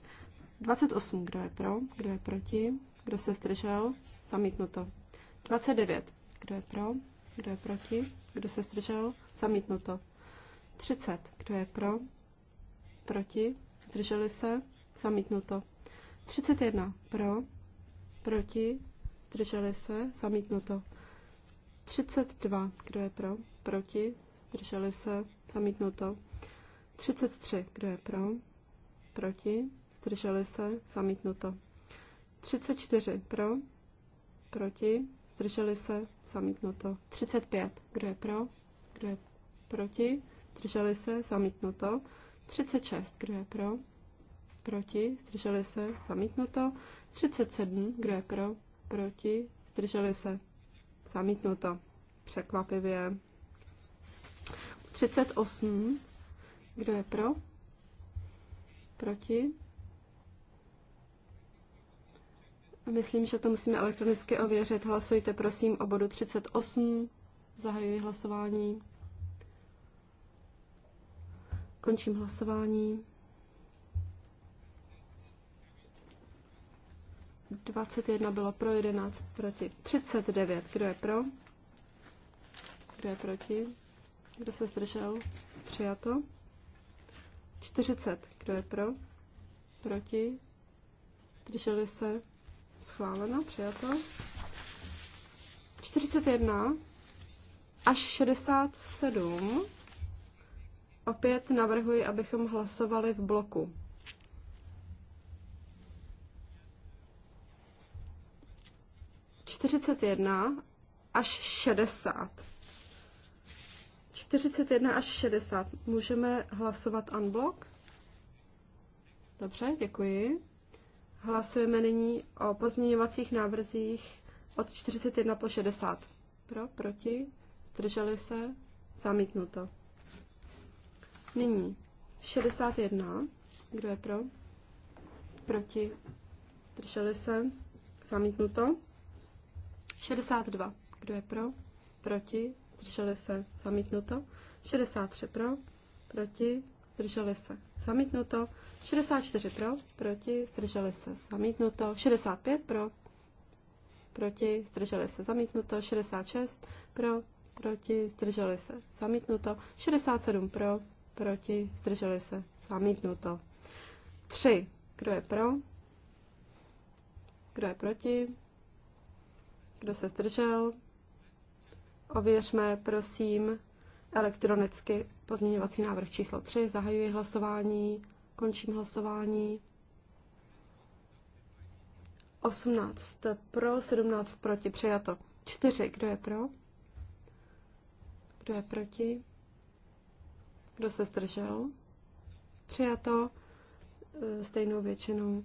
28, kdo je pro, kdo je proti, kdo se zdržel, zamítnuto. 29, kdo je pro, kdo je proti, kdo se zdržel, zamítnuto. 30, kdo je pro, proti, zdrželi se, zamítnuto. 31 pro, proti, zdrželi se, zamítnuto. 32, kdo je pro, proti, zdrželi se, zamítnuto. 33, kdo je pro, proti, zdrželi se, zamítnuto. 34 pro, proti, zdrželi se, zamítnuto. 35, kdo je pro, kdo je proti, zdrželi se, zamítnuto. 36, kdo je pro? Proti, zdrželi se, zamítnuto. 37, kdo je pro? Proti, zdrželi se, zamítnuto. Překvapivě. 38, kdo je pro? Proti? Myslím, že to musíme elektronicky ověřit. Hlasujte prosím o bodu 38. Zahajuji hlasování. Končím hlasování. 21 bylo pro, 11 proti. 39. Kdo je pro? Kdo je proti? Kdo se zdržel? Přijato. 40. Kdo je pro? Proti? Drželi se? Schváleno, přijato. 41 až 67. Opět navrhuji, abychom hlasovali v bloku. Čtyřicet jedna až šedesát. 41 až 60. Můžeme hlasovat unblock? Dobře, děkuji. Hlasujeme nyní o pozměňovacích návrzích od 41 po 60. Pro, proti, zdrželi se, zamítnuto. Nyní 61. Kdo je pro? Proti? Drželi se? Zamítnuto. 62. Kdo je pro? Proti? Zdrželi se? Zamítnuto. 63 pro? Proti? Zdrželi se? Zamítnuto. 64 pro? Proti? Zdrželi se? Zamítnuto. 65 pro? Proti? Zdrželi se? Zamítnuto. 66 pro? Proti? Zdrželi se? Zamítnuto. 67 pro? proti, zdrželi se, zamítnuto. Tři. Kdo je pro? Kdo je proti? Kdo se zdržel? Ověřme, prosím, elektronicky pozměňovací návrh číslo 3. Zahajuji hlasování, končím hlasování. 18 pro, 17 proti, přijato. 4. Kdo je pro? Kdo je proti? Kdo se zdržel? Přijato e, stejnou většinou.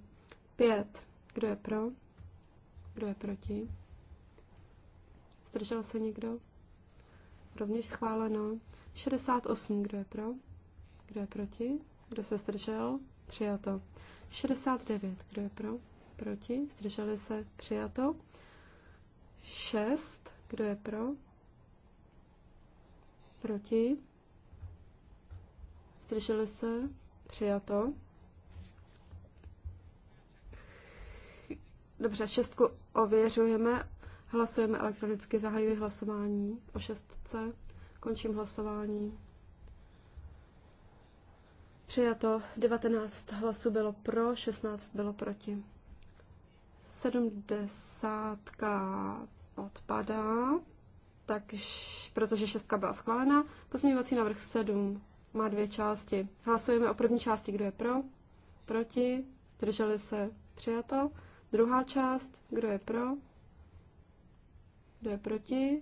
Pět. Kdo je pro? Kdo je proti? Zdržel se někdo? Rovněž schváleno. 68. Kdo je pro? Kdo je proti? Kdo se zdržel? Přijato. 69. Kdo je pro? Proti? Zdrželi se? Přijato. 6. Kdo je pro? Proti? zdrželi se, přijato. Dobře, šestku ověřujeme, hlasujeme elektronicky, zahajuji hlasování o šestce, končím hlasování. Přijato 19 hlasů bylo pro, 16 bylo proti. 70 odpadá, takže, protože šestka byla schválena. Pozměňovací návrh 7 má dvě části. Hlasujeme o první části, kdo je pro, proti, drželi se, přijato. Druhá část, kdo je pro, kdo je proti.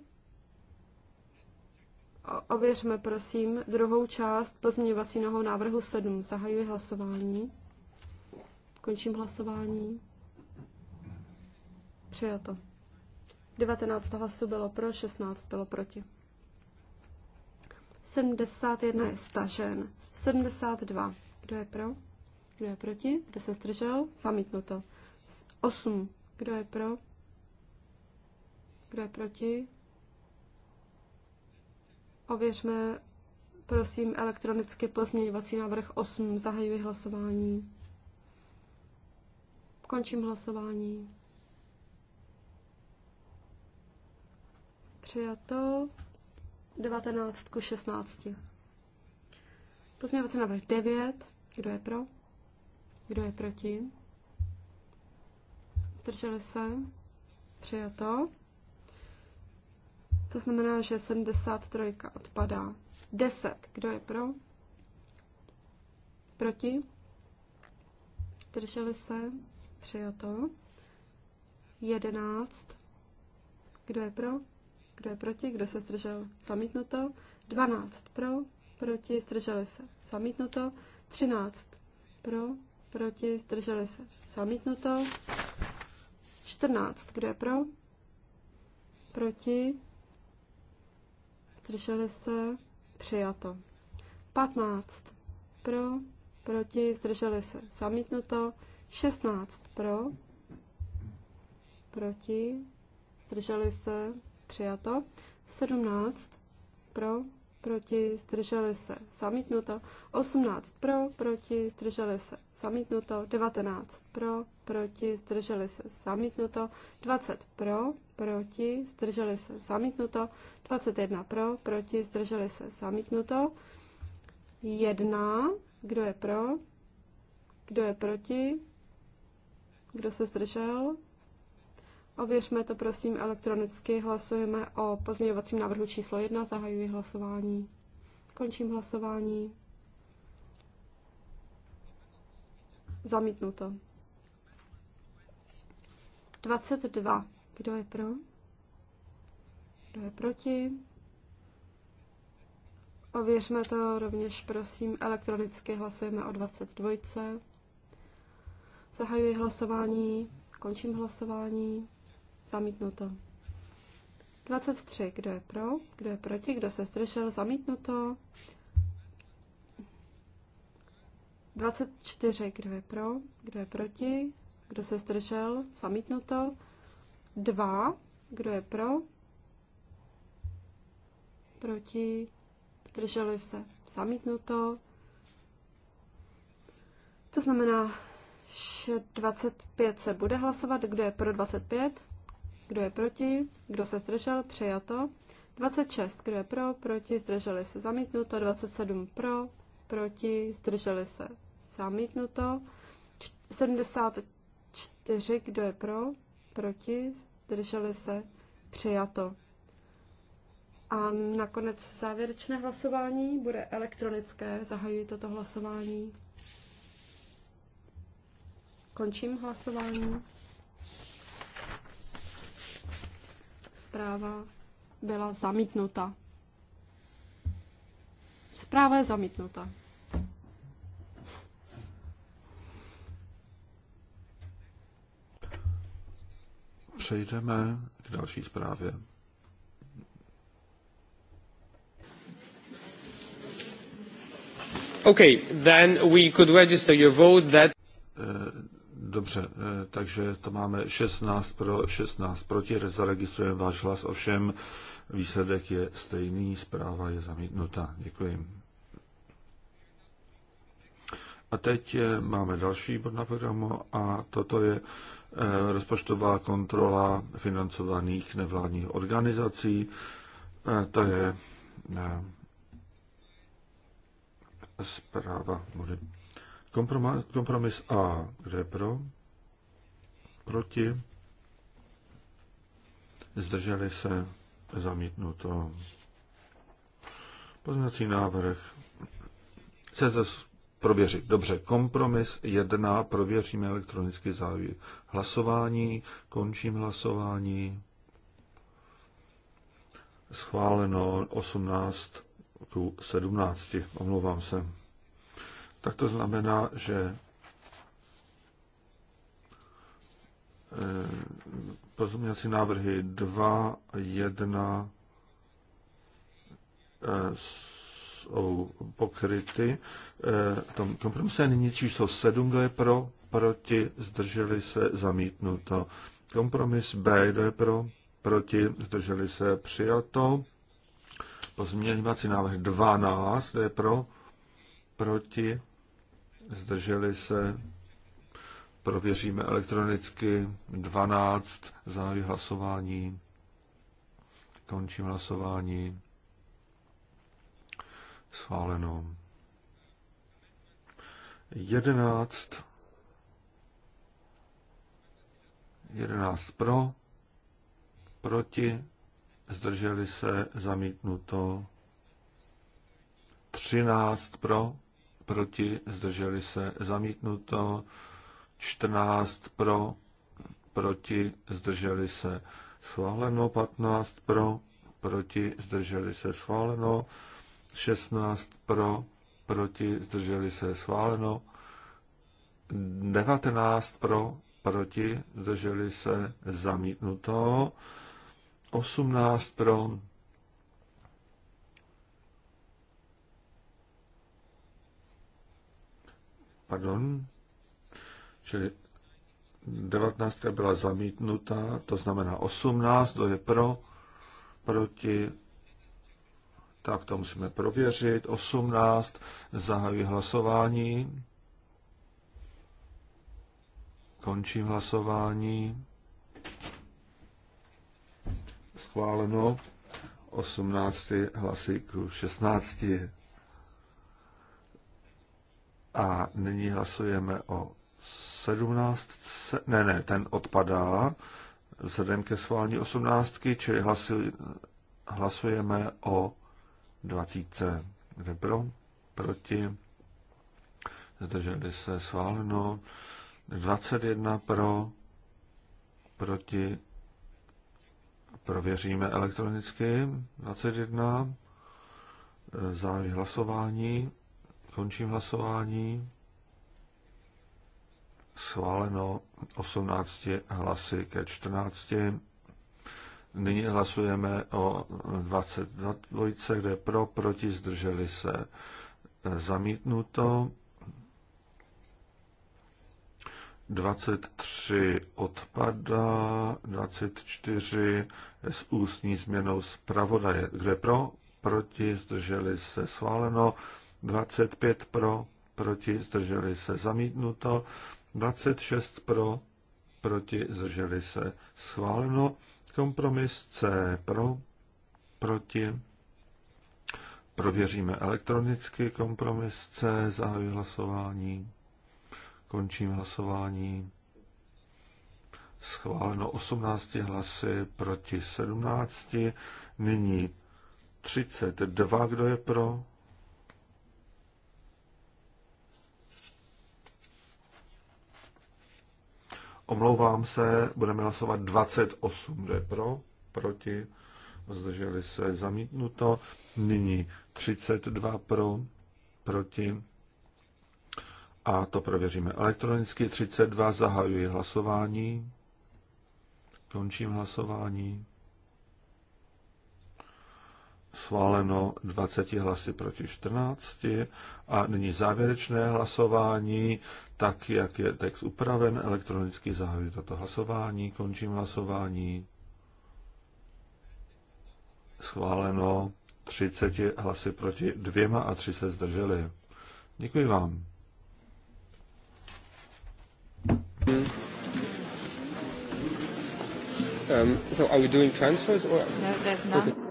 O, ověřme prosím druhou část pozměňovacího návrhu 7. Zahajuji hlasování. Končím hlasování. Přijato. 19 hlasů bylo pro, 16 bylo proti. 71 je stažen. 72. Kdo je pro? Kdo je proti? Kdo se zdržel? Zamítnuto. 8. Kdo je pro? Kdo je proti? Ověřme, prosím, elektronicky pozměňovací návrh 8. Zahajuji hlasování. Končím hlasování. Přijato. 19 ku 16. Pozměňovací návrh 9. Kdo je pro? Kdo je proti? Drželi se? Přijato. To znamená, že 73 odpadá. 10. Kdo je pro? Proti? Drželi se? Přijato. 11. Kdo je pro? kdo je proti, kdo se zdržel, zamítnuto. 12 pro, proti, zdrželi se, zamítnuto. 13 pro, proti, zdrželi se, zamítnuto. 14, kdo je pro, proti, zdrželi se, přijato. 15 pro, proti, zdrželi se, zamítnuto. 16 pro, proti, zdrželi se, přijato, 17 pro, proti, zdrželi se, zamítnuto, 18 pro, proti, zdrželi se, zamítnuto, 19 pro, proti, zdrželi se, zamítnuto, 20 pro, proti, zdrželi se, zamítnuto, 21 pro, proti, zdrželi se, zamítnuto, 1, kdo je pro, kdo je proti, kdo se zdržel, Ověřme to prosím elektronicky. Hlasujeme o pozměňovacím návrhu číslo 1. Zahajuji hlasování. Končím hlasování. Zamítnuto. 22. Kdo je pro? Kdo je proti? Ověřme to rovněž, prosím, elektronicky hlasujeme o 22. Zahajuji hlasování, končím hlasování. Zamítnuto. 23. Kdo je pro? Kdo je proti? Kdo se zdržel? Zamítnuto. 24. Kdo je pro? Kdo je proti? Kdo se zdržel? Zamítnuto. 2. Kdo je pro? Proti? Zdrželi se? Zamítnuto. To znamená, že 25 se bude hlasovat. Kdo je pro 25? kdo je proti, kdo se zdržel, přijato. 26, kdo je pro, proti, zdrželi se, zamítnuto. 27 pro, proti, zdrželi se, zamítnuto. 74, kdo je pro, proti, zdrželi se, přijato. A nakonec závěrečné hlasování bude elektronické. Zahajuji toto hlasování. Končím hlasování. zpráva byla zamítnuta. Zpráva je zamítnuta. Přejdeme k další zprávě. Okay, then we could register your vote that eh, Dobře, eh, takže to máme 16 pro, 16 proti, zaregistrujeme váš hlas, ovšem výsledek je stejný, zpráva je zamítnuta. Děkuji. A teď eh, máme další bod na programu a toto je eh, rozpočtová kontrola financovaných nevládních organizací. To je zpráva. Můžeme Kompromis A, kdo je pro? Proti? Zdrželi se zamítnuto. Poznací návrh. Se to prověřit? Dobře, kompromis 1, prověříme elektronický závěr. Hlasování, končím hlasování. Schváleno 18 ku 17, omlouvám se tak to znamená, že eh, pozměňovací návrhy 2, 1 eh, jsou pokryty. Eh, tom kompromise nyní číslo 7, kdo je pro, proti, zdrželi se, zamítnuto. Kompromis B, kdo je pro, proti, zdrželi se, přijato. Pozměňovací návrh 12, kdo je pro, proti, zdrželi se, prověříme elektronicky, 12, zahájí hlasování, končím hlasování, schváleno. 11, 11 pro, proti, zdrželi se, zamítnuto, 13 pro, proti, zdrželi se, zamítnuto, 14 pro, proti, zdrželi se, schváleno, 15 pro, proti, zdrželi se, schváleno, 16 pro, proti, zdrželi se, schváleno, 19 pro, proti, zdrželi se, zamítnuto, 18 pro, pardon, čili 19 byla zamítnuta, to znamená 18, to je pro, proti, tak to musíme prověřit, 18, zahajuji hlasování, končím hlasování, schváleno 18 hlasy k 16. A nyní hlasujeme o 17. Ne, ne, ten odpadá vzhledem ke schválení 18, čili hlasuj, hlasujeme o 20. Kde pro? Proti? Zdrželi se schváleno. 21 pro, proti, prověříme elektronicky. 21, zájem hlasování. Končím hlasování. Schváleno 18 hlasy ke 14. Nyní hlasujeme o 22, kde pro, proti, zdrželi se. Zamítnuto. 23 odpadá, 24 s ústní změnou zpravodaje. Kde pro, proti, zdrželi se. Schváleno. 25 pro, proti, zdrželi se zamítnuto, 26 pro, proti, zdrželi se schváleno, kompromis C pro, proti, prověříme elektronicky kompromis C, zahajuji hlasování, končím hlasování, schváleno 18 hlasy proti 17, nyní 32, kdo je pro, Omlouvám se, budeme hlasovat 28, kdo je pro, proti, zdrželi se, zamítnuto. Nyní 32 pro, proti. A to prověříme elektronicky. 32 zahajuji hlasování. Končím hlasování schváleno 20 hlasy proti 14. A nyní závěrečné hlasování, tak jak je text upraven, elektronicky zahajuji toto hlasování, končím hlasování. Schváleno 30 hlasy proti dvěma a tři se zdrželi. Děkuji vám. Um, so are we doing transfers or? No, there's none. Okay.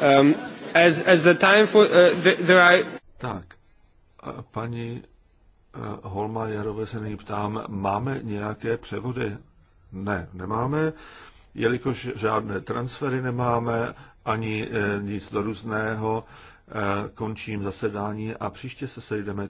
Um, as, as the time for, uh, the, there are... Tak, paní uh, Holma Jarové se nyní ptám, máme nějaké převody? Ne, nemáme, jelikož žádné transfery nemáme, ani eh, nic do různého, eh, končím zasedání a příště se sejdeme